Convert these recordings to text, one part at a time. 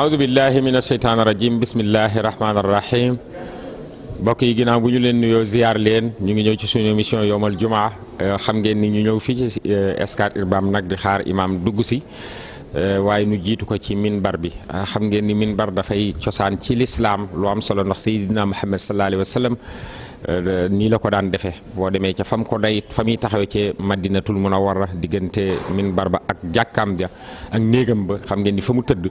aoudu billahi min asheytaan irajim bismillahi rahmaani rahim mbokk yi ginnaaw bu ñu leen nuyoo ziar leen ñu ngi ñëw ci suñu émission yowmal jumaa euh, xam ngeen ni ñu ñëw fii ci euh, Scat Urbam nag di xaar imaam dugg si euh, waaye nu jiitu ko ci min bar bi xam ngeen ni minbar dafay cosaan ci lislaam lu am solo ndax sayyidina Muhammad sallallahu alayhi Euh, nii la ko daan defee boo demee ca fam ko day fa muy taxawee ca war a diggante minbar ba ak jàkkaam ja ak néegam ba xam ngeen ni fa mu tëdd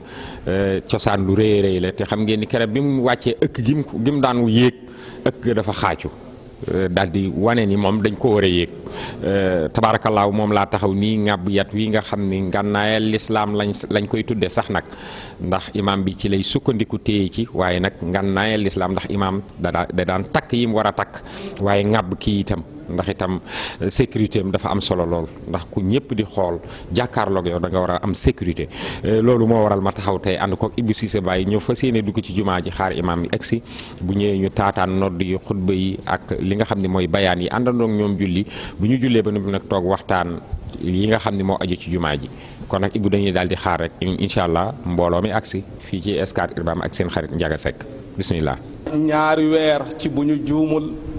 euh, cosaan lu rëy rëy la te xam ngeen ni keroog bi mu wàccee ëkk gi mu daan yéeg ëkk dafa xaaju Euh, daal di wane ni moom dañ ko war a yéeg euh, tabaarakallaahu moom laa taxaw nii ngàbb yat wi nga xam ni ngànnaayal lislaam lañ lañ koy tudde sax nag ndax imaam bi ci lay sukkandiku téye ci waaye nag ngànnaayal lislaam ndax imaam da daan takk yi mu war a takk waaye ngàbb kii itam ndax itam euh, sécurité am dafa am solo lool ndax ku ñëpp di xool jàkkaarloog yow da nga war a am sécurité euh, loolu moo waral ma taxaw tey ànd koog Ibou Cissé Baye ñëw fas yéene dugg ci jumaa ji xaar imaam yi egsi bu ñëwee ñu taataan nodd yi xutba yi ak li xam ne mooy bayaan yi àndandoog ñoom julli bu ñu jullee ba noppi nag toog waxtaan yi nga xam ne moo aju ci jumaa ji kon nag Ibou dañuy daal di xaar rek incha allah mbooloo mi agsi fii ci Scat Urbam ak seen xarit njaga Seck bisimilah. ñaari weer ci bu ñu juumul.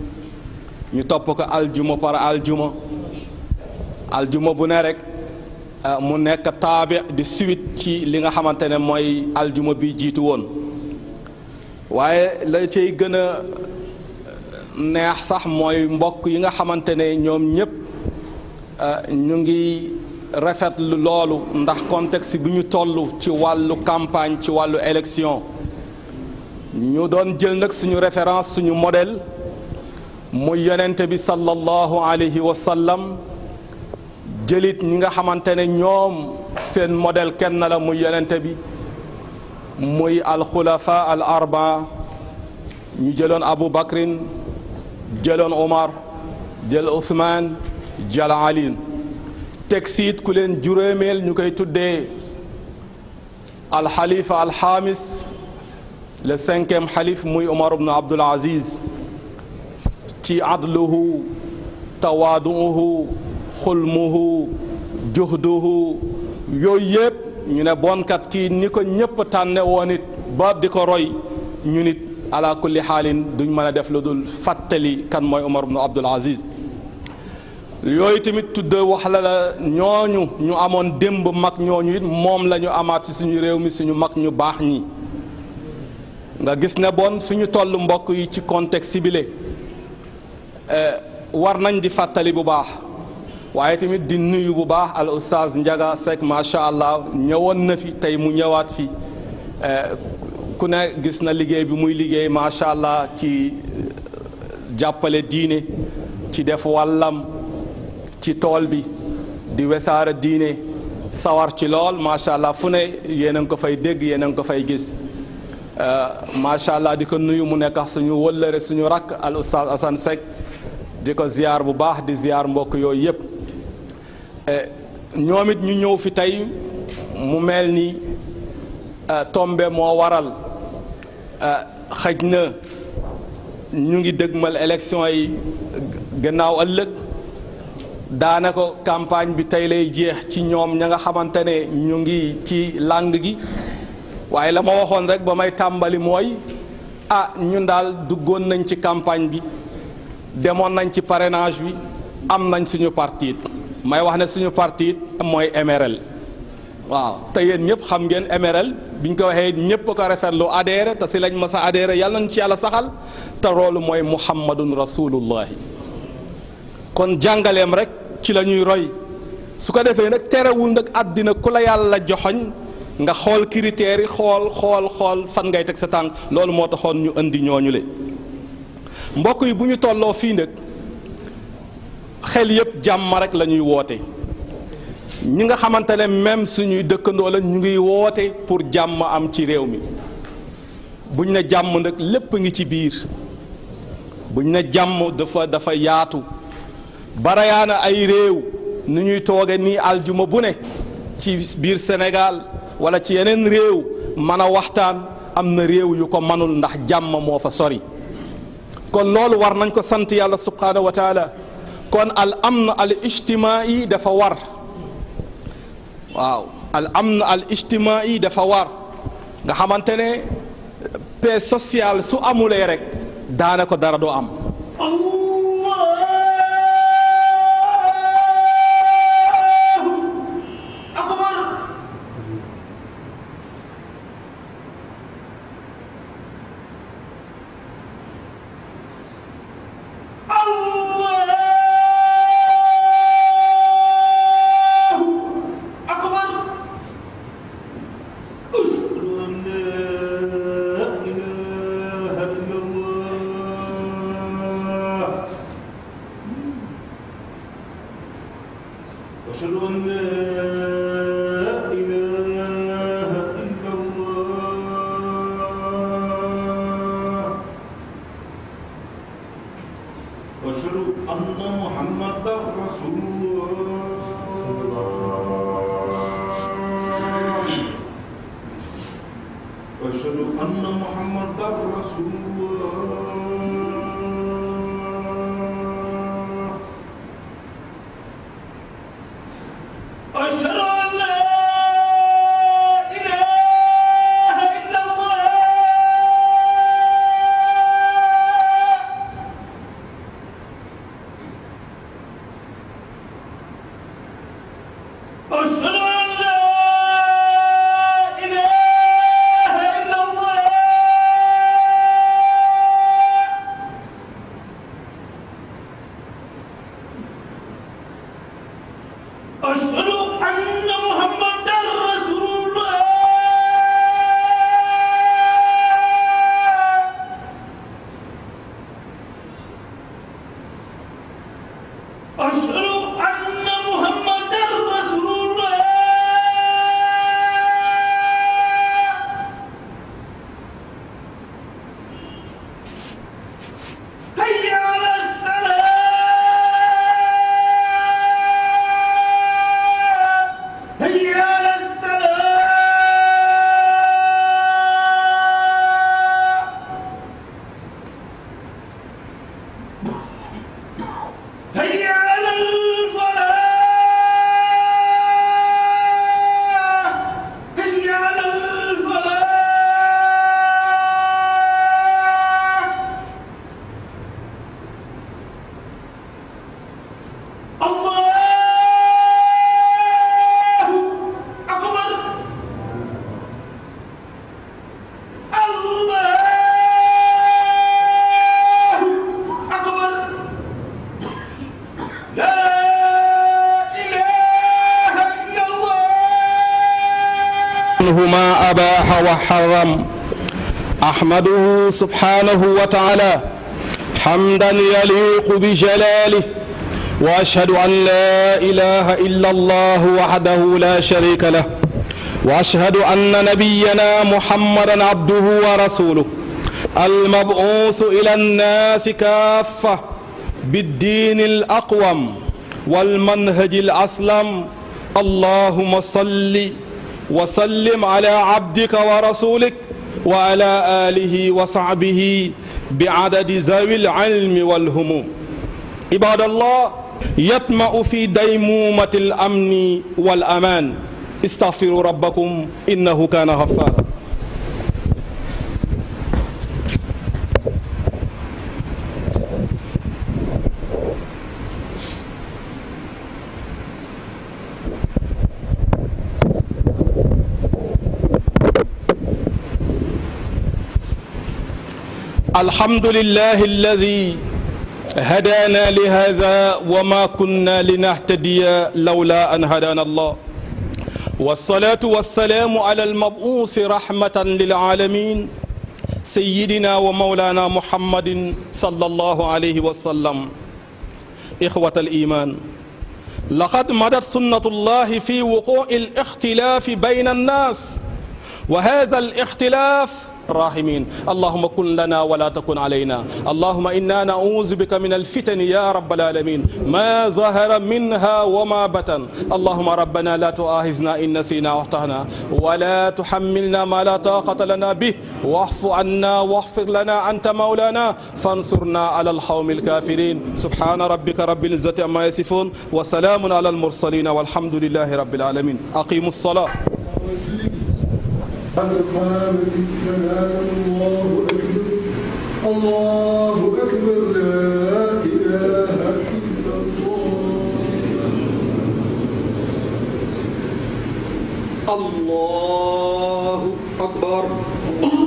ñu topp ko aljuma par aljuma aljuma bu ne rekk eh, mu nekk taabi di suite ci li nga xamante ne mooy aljuma bi jiitu woon waaye la cay gën a eh, neex sax mooy mbokk yi nga xamante ne ñoom ñépp eh, ñu ngi rafetlu loolu ndax contexte bi ñu tollu ci wàllu campagne ci wàllu élection ñu doon jël nag suñu référence suñu modèle muy yonente bi sallallahu alayhi wa sallam jëlit ñi nga xamante ne ñoom seen modèle kennala muy yonente bi muy alxulafa al ñu jëloon abu bakrin jëloon omar jël ousman jël ali teg siit ku leen juróomeel ñu koy tuddee alxalifa alxaamis le cinquième xalif muy omar ibnu abdul aziz ci adluhu tawaaduuhu xulmuhu juhduhu yooy yëpp ñu ne bonkat kii ni ko ñëpp tànne woon it ba di ko roy ñu nit ala kulli xaalin duñ mën a def lu dul fàttali kan mooy Omar ibn Abdul Aziz yooyu tamit tudd wax la ñooñu ñu amoon démb mag ñooñu it moom lañu amaat si suñu réew mi suñu mag ñu baax ñi nga gis ne bon suñu tollu mbokk yi ci contexte bile Eh, war nañ di fàttali bu baax waaye tamit di nuyu bu baax al oustaz Ndiaga Seck macha allah ñëwoon na fi tey mu ñëwaat fi eh, ku ne gis na liggéey bi muy liggéey macha allah ci eh, jàppale diine ci def wàllam ci tool bi di wesaara diine sawar ci lool macha allah fu ne yéen a ngi ko fay dégg yéen a ngi ko fay gis. Euh, macha allah di ko nuyu mu nekk suñu wëllëre suñu rakk al oustaz Assane di ko ziar bu baax di ziar mbokk yooyu yëpp euh, ñoom it ñu ñëw fi tey mu mel ni euh, tombe moo waral xëj na ñu ngi dëgmal élection yi gannaaw ëllëg daanaka campagne bi tey lay jeex ci ñoom ña nga xamante ne ñu ngi ci làng gi. waaye la ma waxoon rek ba may tàmbali mooy ah ñun daal duggoon nañ ci campagne bi demoon nañ ci parrainage bi am nañ suñu parti may wax ne suñu parti mooy MRL waaw te yéen ñëpp xam ngeen MRL bi ñu ko waxee ñëpp ko rafetlu adhéré te si lañ mës a adhéré yàlla nañ si yàlla saxal te roolu mooy muhammadun rasulullahi kon jàngaleem rek ci la ñuy roy su ko defee nag terewul nag àddina ku la yàlla joxoñ nga xool critères yi xool xool xool fan ngay teg sa tànk loolu moo taxoon ñu indi ñooñu le mbokk yi bu ñu tolloo fii nag xel yëpp jàmm rek la ñuy woote ñi nga xamante ne même suñuy dëkkandoo la ñu ngi woote pour jàmm am ci réew mi buñ ne jàmm nag lépp ngi ci biir buñ ne jàmm dafa dafa yaatu barayaana ay réew nu ñuy tooge nii aljuma bu ne ci biir Sénégal wala ci yeneen réew mana waxtaan am na réew yu ko manul ndax jàmm moo fa sori kon loolu war nañ ko sant yàlla subhaanahu wa taala kon al amn al ijtimaai dafa war waaw al amn al ijtimaai dafa war nga xamante ne paix sociale su amulee rek daana ko dara doo am أن محمد رسول الله حرم أحمده سبحانه وتعالى حمدا يليق بجلاله وأشهد أن لا إله إلا الله وحده لا شريك له وأشهد أن نبينا محمدا عبده ورسوله المبعوث إلى الناس كافة بالدين الأقوم والمنهج الأسلم اللهم صلِّ وسلم على عبدك ورسولك وعلى آله وصحبه بعدد ذوي العلم والهموم عباد الله يطمع في ديمومة الأمن والأمان استغفروا ربكم إنه كان غفارا الحمد لله الذي هدانا لهذا وما كنا لنهتدي لولا أن هدانا الله والصلاة والسلام على المبعوث رحمة للعالمين سيدنا ومولانا محمد صلى الله عليه وسلم إخوة الإيمان لقد مدت سنة الله في وقوع الاختلاف بين الناس وهذا الاختلاف الراحمين اللهم كن لنا ولا تكن علينا اللهم إنا نعوذ بك من الفتن يا رب العالمين ما ظهر منها وما بطن اللهم ربنا لا تؤاخذنا إن نسينا واخطأنا ولا تحملنا ما لا طاقة لنا به واعف عنا واغفر لنا أنت مولانا فانصرنا على القوم الكافرين سبحان ربك رب العزة عما يصفون وسلام على المرسلين والحمد لله رب العالمين أقيموا الصلاة قد قامت الصلاة الله أكبر الله أكبر لا إله إلا الله الله أكبر الله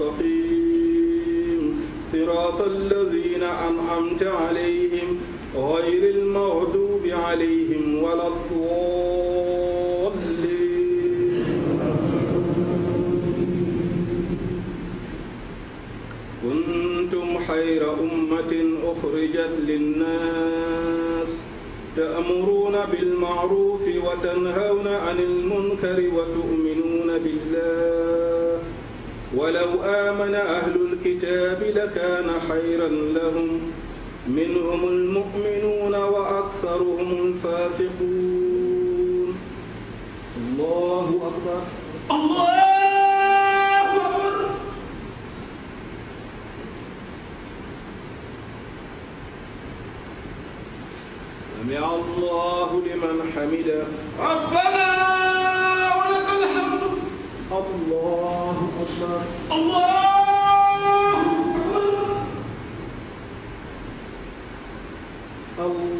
المستقيم صراط الذين أنعمت عليهم غير المغضوب عليهم ولا الضالين كنتم خير أمة أخرجت للناس تأمرون بالمعروف وتنهون عن المنكر وتؤمنون ولو آمن أهل الكتاب لكان خيرا لهم منهم المؤمنون وأكثرهم الفاسقون الله أكبر الله أكبر سمع الله لمن حمده ربنا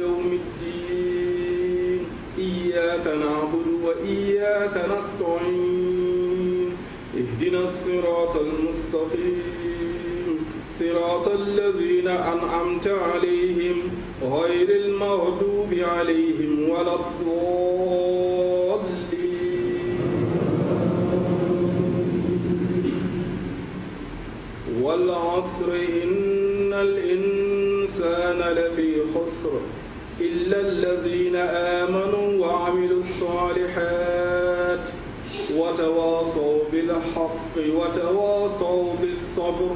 يوم الدين إياك نعبد وإياك نستعين اهدنا الصراط المستقيم صراط الذين أنعمت عليهم غير المغضوب عليهم ولا الضالين والعصر إن الإنسان لفي خسر إلا الذين آمنوا وعملوا الصالحات وتواصوا بالحق وتواصوا بالصبر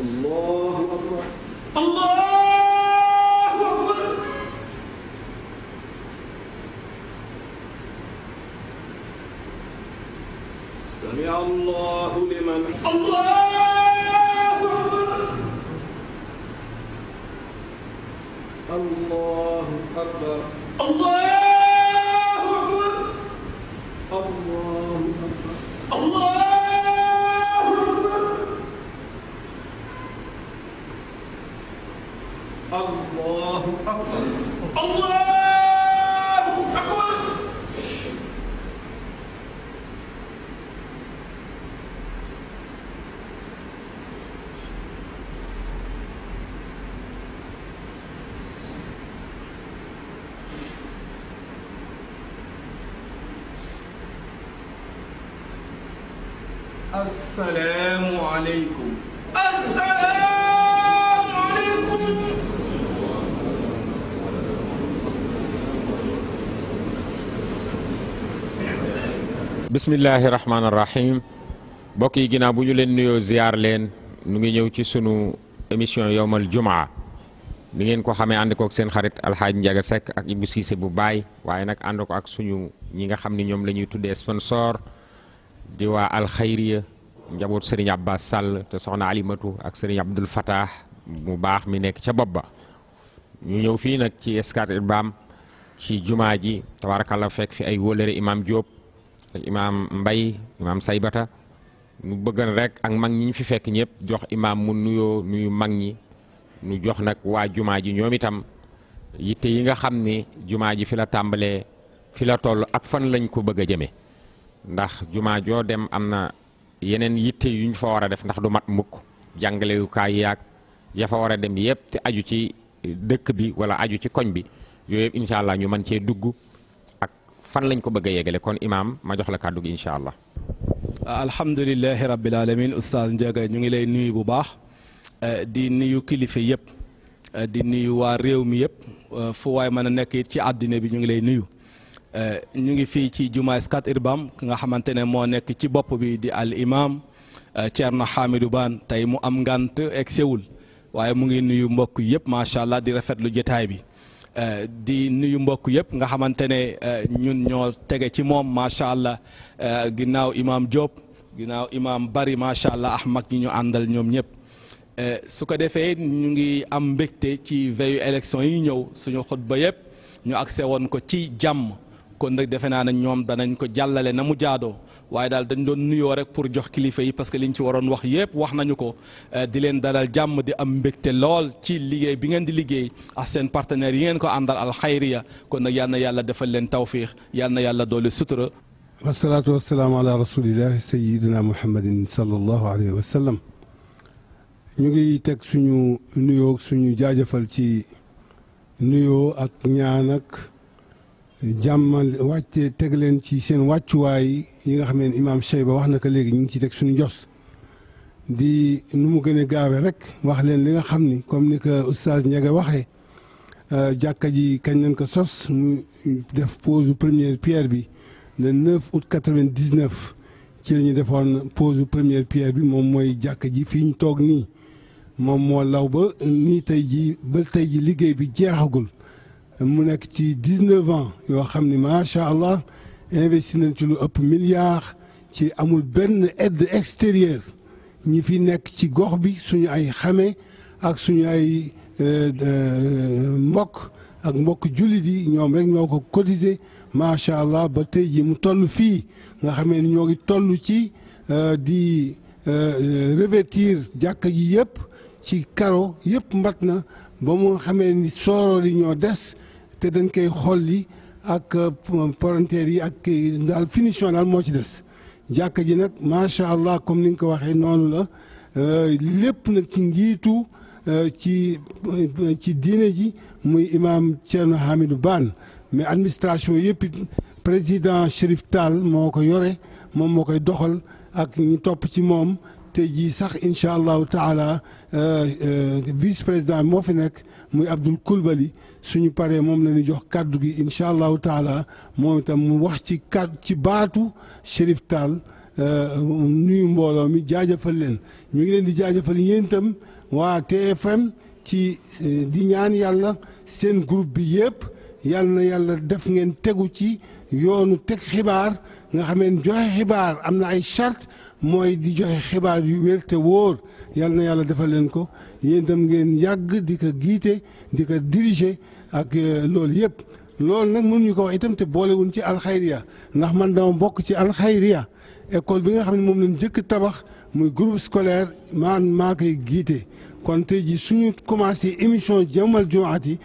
الله أكبر الله أكبر سمع الله لمن الله السلام عليكم السلام عليكم mbokk yi ginnaaw bu ñu leen nuyoo ziyaar leen nu ngi ñëw ci sunu émission yowmal jumaa ni ngeen ko xamee ànd kook seen xarit alxaaj Njaga Sekk ak Ibu Siise bu baay waaye nag ànd ko ak suñu ñi nga xam ni ñoom lañuy tuddee sponsor di waa alxayriya njaboot sëriñ Abbas Sall te soxna Alimatu ak sëriñ Abdul Fatah mu baax mi nekk ca bopp ba ñu ñëw fii nag ci Scat Urbam ci jumaa ji tabaarakalla fekk fi ay wóolëre imaam Diop ak imaam Mbay imaam Saybata ñu bëggan rek ak mag ñi fi fekk ñëpp jox imaam mu nuyoo nuyu mag ñi ñu jox nag waa jumaa ji ñoom itam yitte yi nga xam ni jumaa ji fi la tàmbalee fi la toll ak fan lañ ko bëgg a jëme ndax jumaa joo dem am na yeneen yitte yu ñu fa war a def ndax du mat mukk jàngalewukaay yu ya fa war a dem yëpp te aju ci dëkk bi wala aju ci koñ bi yooyu yëpp incha allah ñu man cee dugg ak fan lañ ko bëgg a yeggale kon imaam ma jox la kàddu gi incha allah. alhamdulilahi rabbil alamin oustaz Ndiaga ñu ngi lay nuyu bu baax eh, di nuyu kilifa yëpp eh, di nuyu waa réew mi yëpp eh, fu waay mën a nekk it ci àddina bi ñu ngi lay nuyu. ñu ngi fii ci jumaa Scat Urbam nga xamante ne moo nekk ci bopp bi di al imam euh, na Hamidou ban tey mu am ngant egg sewul waaye mu ngi nuyu mbokk yëpp macha allah di rafetlu jetaay bi euh, di nuyu mbokk yëpp nga xamante ne euh, ñun ñoo tege ci moom macha allah ginnaaw imaam Diop ginnaaw imam Bari macha allah ah mag ñi ñu àndal ñoom ñëpp. su ko defee ñu ngi am mbégte ci veillu élection yi ñëw suñu xutba yëpp ñu accès woon ko ci jàmm. kon nag defe naa na ñoom danañ ko jàllale na mu jaadoo waaye daal dañ doon nuyoo rek pour jox kilifa yi parce que li ñu ci waroon wax yëpp wax nañu ko eh, di leen dalal jàmm di am te lool ci liggéey bi ngeen di liggéey ak seen partenaires yi ngeen ko àndal alxayriya kon nag yal na yàlla defal leen tawfiix yal na yàlla doole sutura. wasalaatu wasalaamu ala rasulillahi sayidina muhammadin sallallahu alayhi wa sallam ñu ngi teg suñu nuyoo suñu jaajëfal ci nuyoo ak ñaan ak jàmmal wàcce teg leen ci seen wàccuwaay yi nga xam ne imaam Cheyba wax na ko léegi ñu ngi ci teg suñu jos di nu mu gën a gaawe rek wax leen li nga xam ni comme ni ko oustaz Ndiaga waxee euh, jàkka ji kañ nañ ko sos mu def pose première pierre bi le 9 août 99 ci la ñu defoon pose première pierre bi moom mooy jàkk ji fii ñu toog nii moom moo law ba nii tey ji ba tey ji liggéey bi jeexagul mu nekk ci dix-neuf ans yoo xam ni macha allah investi nañ ci lu ëpp milliards ci amul benn aide extérieure ñi fi nekk ci gox bi suñu ay xame ak suñu ay euh, euh, mbokk ak mbokk jullit yi ñoom rek ñoo ko cotisé macha allah ba tey ji mu toll fii nga xamee ni ñoo gi toll ci euh, di revêtir jàkka ji yëpp ci karo yëpp mbat na ba mu xamee ni sooroor yi ñoo des te dañ koy xolli ak euh, palanteer yi ak daal finition daal moo ci des jàkk ji nag macha allah comme ni nga ko waxee noonu la euh, lépp nag ci njiitu euh, ci ci diine ji muy imaam Thierno Hamidou baan mais administration yëpp it président Chérif Tall moo ko yore moom moo koy doxal ak ñi topp ci moom tey jii sax incha allahu taala euh, euh, vice président moo fi nekk muy Abdoul Coulibaly suñu paree moom la ñu jox kàddu gi incha allahu taala moom itam mu wax ci kàddu ci baatu Cherif Tall euh, nuyu mbooloo mi jaajëfal leen ñu ngi leen di jaajëfal yéen itam waa TFM ci di ñaan yàlla seen groupe bi yëpp. yàlla na yàlla def ngeen tegu ci yoonu teg xibaar nga xam ne joxe xibaar am na ay charte mooy di joxe xibaar yu wér te wóor yàlla yàlla defal leen ko yéen itam ngeen yàgg di ko giite di ko diriger ak euh, loolu yëpp. loolu nag ñu ko wax itam te boolewuñ ci alxayriya ndax man dama bokk ci alxayriya école bi nga xam ne moom lañ jëkk tabax muy groupe scolaire man maa koy giite kon ji jii suñu commencé émission jàmmal jumaat yi.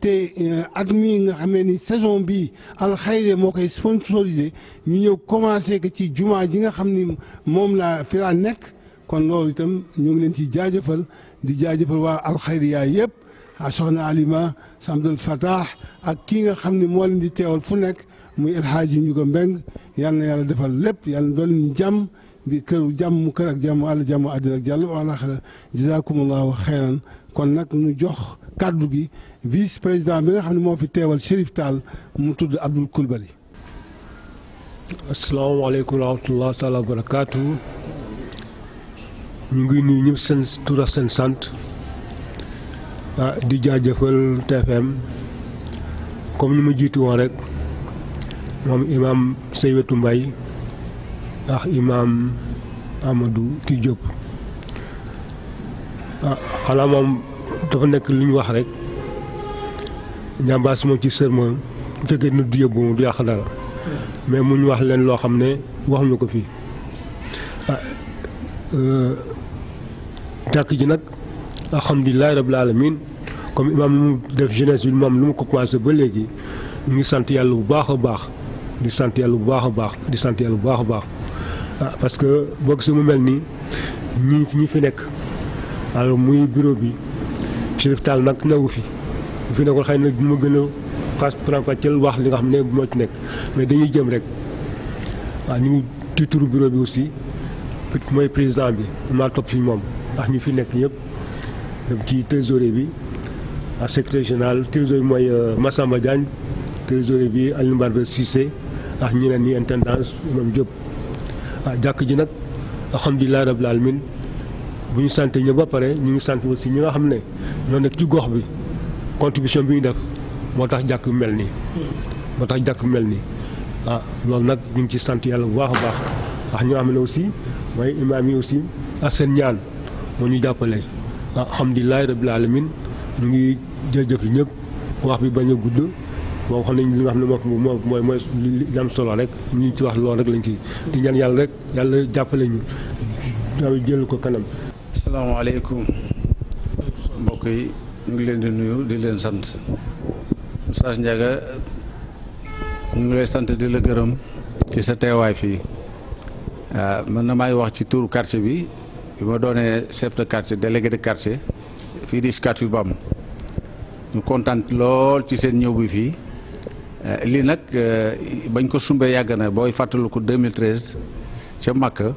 te eh, at mi nga xamee ni saison bi alxayre moo koy sponsorisé ñu ñëw commencé que ci jumaa ji nga xam ni moom laa fi laa nekk kon loolu itam ñu ngi leen ci jaajëfal di jaajëfal waa alxayriya yëpp a soxna Alima Samdul Fatah ak kii nga xam ne moo leen teewal fu nekk muy El Hadji Ndiouga Mbeng yal na yàlla defal lépp yàlla dool ñu jàmm bi këru jàmm kër ak jàmm àll jàmm àddina ak jàll wala xala jazakumullahu xeyran kon nag ñu jox kàddu gi vice président bi nga xam ne moo fi teewal Chérif Tall mu tudd Abdoul Coulibaly. asalaamaaleykum wa rahmatulah taalaa wa barakaatu. ñu ngi nuyu ñëpp seen tur seen sant. ah di jaajëfal TFM comme ni ma jiitu woon rek moom imaam Seywetu Mbaye ak imaam Amadou Ti Diop ah moom dafa nekk lu ñu wax rek. ñambaas moom ci sër moom bu fekkee nit du yëngu moom du yàq dara mais mu ñu wax leen loo xam ne waxuñu ko fii ah euh, jàkk ji nag alhamdulilahi rabil alamin comme imaam lu mu def jeunesse bi moom lu mu ko commencé ba léegi mu ngi sant yàlla bu baax a baax di sant yàlla bu baax a baax di sant yàlla bu baax a baax ah parce que boo si mu mel nii ñi ñi fi nekk alors muy bureau bi Chérif Tall nag newu fi bu fi nekkoon xëy na bu ma gën a fas faram-fàcceel wax li nga xam ne moo ci nekk mais dañuy jëm rek waaw ñu ngi ci turu bureau bi aussi mooy président bi maa topp ci moom ndax ñu fi nekk ñëpp dem ci trésorier bi ak secrétaire général trésorier bi mooy euh, Massamba Diagne trésorier bi Alioune Barbe Cissé ak ñeneen ñi intendance moom Diop ah jàkk ji nag alhamdulilah rabbil alamin bu ñu sant ñëpp ba pare ñu ngi sant aussi ñi nga xam ne ñoo nekk ci gox bi. contribution bi ñu def moo tax jàkk mel ni moo tax jàkk mel ni ah loolu nag ñu ngi ci sant yàlla bu baax a baax ndax ñu am ne aussi mooy imaam yi aussi ak seen ñaan moo ñu jàppale. Ah alhamdulilah rabbil alamin ñu ngi jërëjëf ñëpp wax bi bañ a gudd moom xam nañ li nga xam ne moom mooy mooy li solo rek ñu ci wax lool rek lañ kii di ñaan yàlla rek yàlla jàppale ñu daal jël ko kanam. asalaamaaleykum mbokk yi. ñu ngi leen di nuyu di leen sant Oustaz Ndiaga ñu ngi lay sant di la gërëm ci sa teewaay fii ah, mën na may wax ci turu quartier bi bi ma doonee chef de quartier délégué de quartier fii di SCAT yu bam ñu kontaan lool ci seen ñëw bi fii eh, lii nag eh, bañ ko sumbee yàgg na booy fàttaliku 2013 ca Makka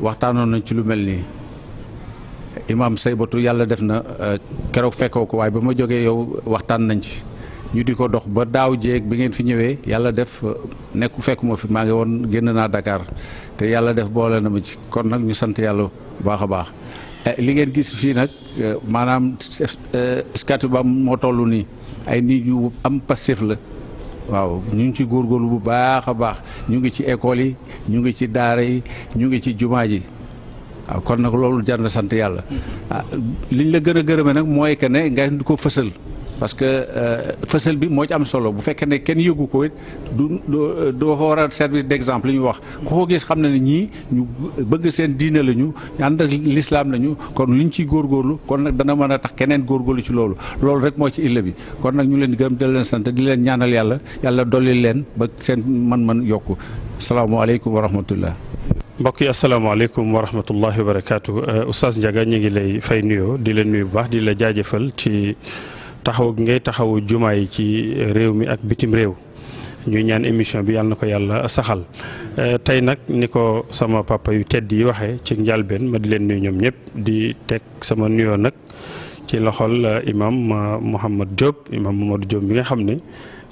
waxtaanoon nañ ci lu mel nii imaam Saybatu yàlla def na euh, keroog fekkoo ko waaye ba ma jógee yow waxtaan nañ ci ñu di ko dox ba daaw jéeg bi ngeen fi ñëwee yàlla def euh, nekku fekkuma fi maa ngi woon génn naa dakaar te yàlla def boole na ma ci kon nag ñu sant yàlla bu baax a baax. Eh, li ngeen gis fii nag euh, maanaam skati ba moo toll nii ay nit yu am passif la waaw ñu ngi ci góorgóorlu bu baax a baax ñu ngi ci école yi ñu ngi ci daara yi ñu ngi ci jumaa ji. waaw kon nag loolu jar na sant yàlla ah, li ñu la gën a gërëme nag mooy que ne nga ko fësal parce que euh, fësal bi moo ci am solo bu fekkee ne kenn yëgu ko it du du fa war a service d'exemple li ñu wax ku ko gis xam na ne ñii ñu bëgg seen diine la ñu ànd ak lislaam la kon li ñu ciy góorlu kon nag dana mën a tax keneen góorgóorlu ci loolu loolu rek moo ci illa bi kon nag ñu leen di gërëm di leen sant di leen ñaanal yàlla yàlla dolli leen ba seen man-man yokk salaamaaleykum wa rahmatullah mbokk yi asalaamaaleykum wa rahmatullahi wa barakaatu euh, Oustaz Ndiaga ñu ngi lay fay nuyoo di la nuyu bu baax di la jaajëfal ci taxaw gi ngay taxawu jumaa yi ci réew mi ak bitim réew ñuy ñaan émission bi yàlla na ko yàlla saxal euh, tey nag ni ko sama papa yu tedd yi waxee ci njàlbeen ma di leen nuyu ñoom ñëpp di teg sama nuyoo nag ci loxol euh, imam Mouhamad Diop imam Mamadou Diop bi nga xam ni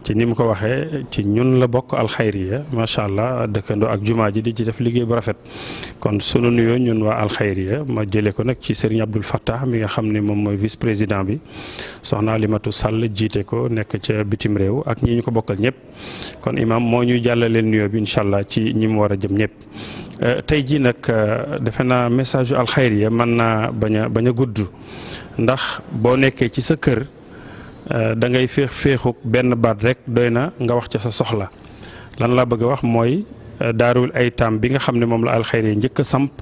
ci ni mu ko waxee ci ñun la bokk alxayriya macha allah dëkkandoo ak jumaa ji di ci def liggéey bu rafet kon sunu nuyoo ñun waa alxayriya ma jëlee ko nag ci sëriñ Abdul Fattah mi nga xam ne moom mooy vice président bi soxna Alimatu Sall jiite ko nekk ca bitim réew ak ñi ñu ko bokkal ñëpp kon imaam moo ñuy leen nuyoo bi incha allah ci ñi mu war a jëm ñëpp. Euh, tey jii nag euh, defe naa message yu alxayriya mën naa bañ a bañ a gudd ndax boo nekkee ci sa kër. Euh, da ngay féex féexuk benn baat rek doy na nga wax ca sa soxla lan laa bëgg a wax mooy euh, daarul ay taam bi nga xam ne moom la alxayri njëkk a samp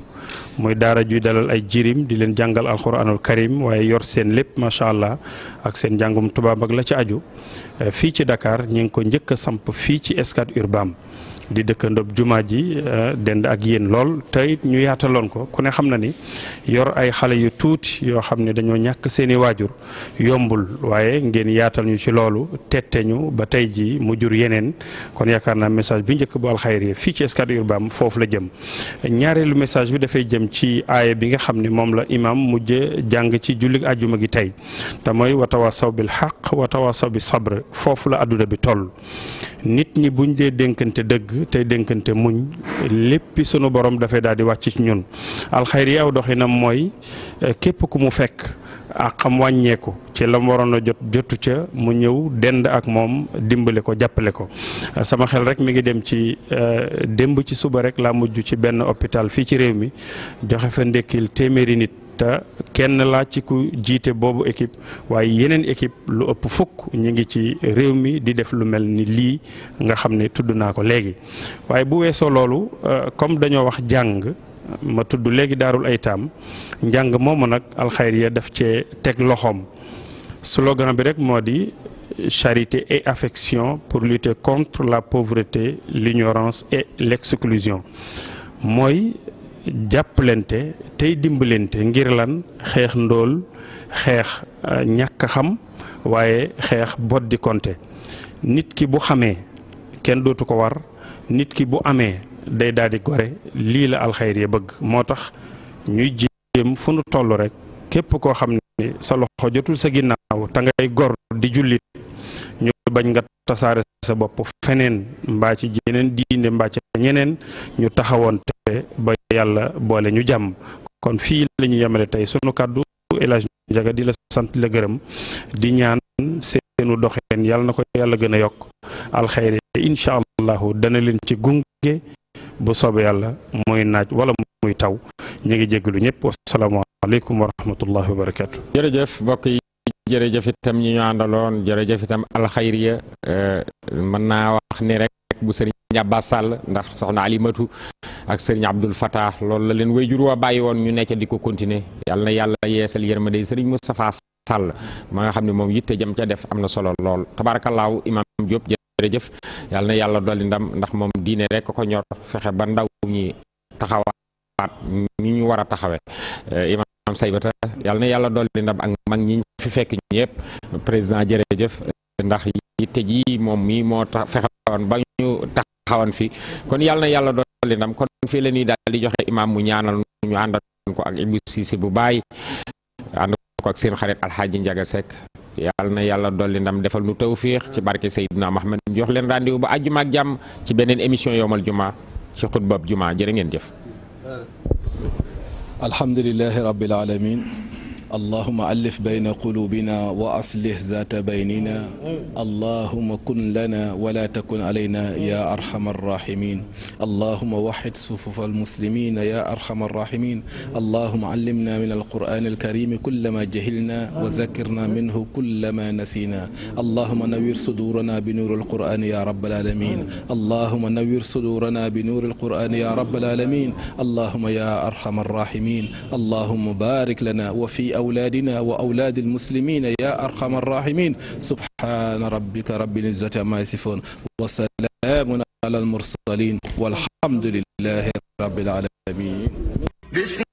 mooy daara juy dalal ay jirim di leen jàngal alxuraanul karim waaye yor seen lépp macha allah ak seen njàngum tubaab ak la ca aju euh, fii ci Dakar ñu ngi ko njëkk a samp fii ci Scat Urbam di dëkkandob jumaa ji eh, dend ak yéen lool tey ñu yaataloon ko ku ne xam na ni yor ay xale yu tuuti yoo xam ne dañoo ñàkk seeni waajur yombul waaye ngeen yaatal ñu ci loolu tette ñu ba tey ji mu jur yeneen kon yaakaar naa message bi njëkk bu alxayri fii ci Scat Urbam foofu la jëm ñaareelu message bi dafay jëm ci aaya bi nga xam ne moom la imam mujj jàng ci jullik ajjuma gi tey te mooy watawasaw bil xaq watawasaw bi sabr foofu la adduna bi toll nit ñi buñ dee dénkante dëgg tey dénkante muñ léppi sunu borom dafay daal di wàcc ci ñun alxayri aw doxinam mooy eh, képp ku mu fekk àqam wàññeeku ci la waroon a jot jotu ca mu ñëw dend ak moom dimbale ko jàppale ko eh, sama xel rek mi ngi dem ci eh, démb ci suba rek laa mujj ci benn hôpital fii ci réew mi joxe fa ndékkil téeméeri nit te kenn laa ci ku jiite boobu équipe waaye yeneen équipe lu ëpp fukk ñu ngi ci réew mi di def lu mel ni lii nga xam ne tudd naa ko léegi waaye bu weesoo loolu euh, comme dañoo wax jàng ma tudd léegi daarul aytaam njàng moomu nag alxayriya daf cee teg loxoom slogan bi rek moo di charité et affection pour lutter contre la pauvreté l'ignorance et l'exclusion mooy jàppalante tey dimbalante ngir lan xeex ndool xeex euh, ñakk xam waaye xeex boddi konte nit ki bu xamee kenn dootu ko war nit ki bu amee day daal di gore lii la alxayri bëgg moo tax ñuy jéem fu nu toll rekk képp koo xam ne sa loxo jotul sa ginnaaw te ngay gor di jullit ñu bañ nga tasaare sa bopp feneen mbaa ci jeneen diine mbaa ci ñeneen ñu taxawoon te ba yàlla boole ñu jàmm kon fii lañuy ñu yemale tey sunu kàddu El Hadj di la sant la gërëm di ñaan seenu doxeen yàlla na ko yàlla gën a yokk alxeyri incha allahu dana leen ci gunge bu soobee yàlla muy naaj wala muy taw ñu ngi jégalu ñëpp wasalaamualeykum wa rahmatullahi jërëjëf itam ñi ñu àndaloon jërëjëf itam alxayriya euh, mën naa wax ni rek bu sëriñ Abbas sàll ndax soxna Alimatu ak sëriñ Abdul Fatah loolu la leen wayjur wa bàyyi woon ñu nekk di ko continuer yàlla na yàlla yeesal yërmande sëriñ Moustapha Sall ma nga xam ne moom yitte jëm ca def am na solo lool tabaarakallaahu imaam Diop jërëjëf yàlla na yàlla dolli ndam ndax moom diine rek ko ñor fexe ba ndaw ñi taxawaat ñi ñu war a taxawe euh, am saybata yàlla na yàlla dolli ndam ak mag ñi fi fekk ñëpp président jërëjëf ndax yitte ji moom mii moo tax fexewoon ba ñu tax xawan fi kon yàlla na yàlla dolli ndam kon fii la ñuy daal di joxe imaam mu ñaanal ñu àndoon ko ak Ibou Cissé bu baay ànd ko ak seen xarit Alxaaji Njaga Sekk yàlla na yàlla dolli ndam defal nu tawfiix ci barke Seydina Muhammad jox leen rendez-vous ba àjjuma ak jàmm ci beneen émission yoomal juma ci xutbab juma jërë ngeen jëf alhamdulilahi rabbil alamin allahuma allif bayna quluubina wa aslih zaata baynina allahuma kun lana wala takun alayna ya arhamar rahimin allahuma waxid sufufa almuslimina ya arhamar rahimin allahuma allimna min alqur'ani alkarimi kullama jahilna wa zakkirna minhu kullama nasina allahuma nawir sudurana bi nuur alqur'ani ya rabbal alamin allahuma nawir sudurana bi nuur alqur'ani ya rabbal alamin allahuma ya arhamar rahimin allahuma barik lana wa fi أولادنا وأولاد المسلمين يا أرحم الراحمين سبحان ربك رب العزة عما يصفون وسلام على المرسلين والحمد لله رب العالمين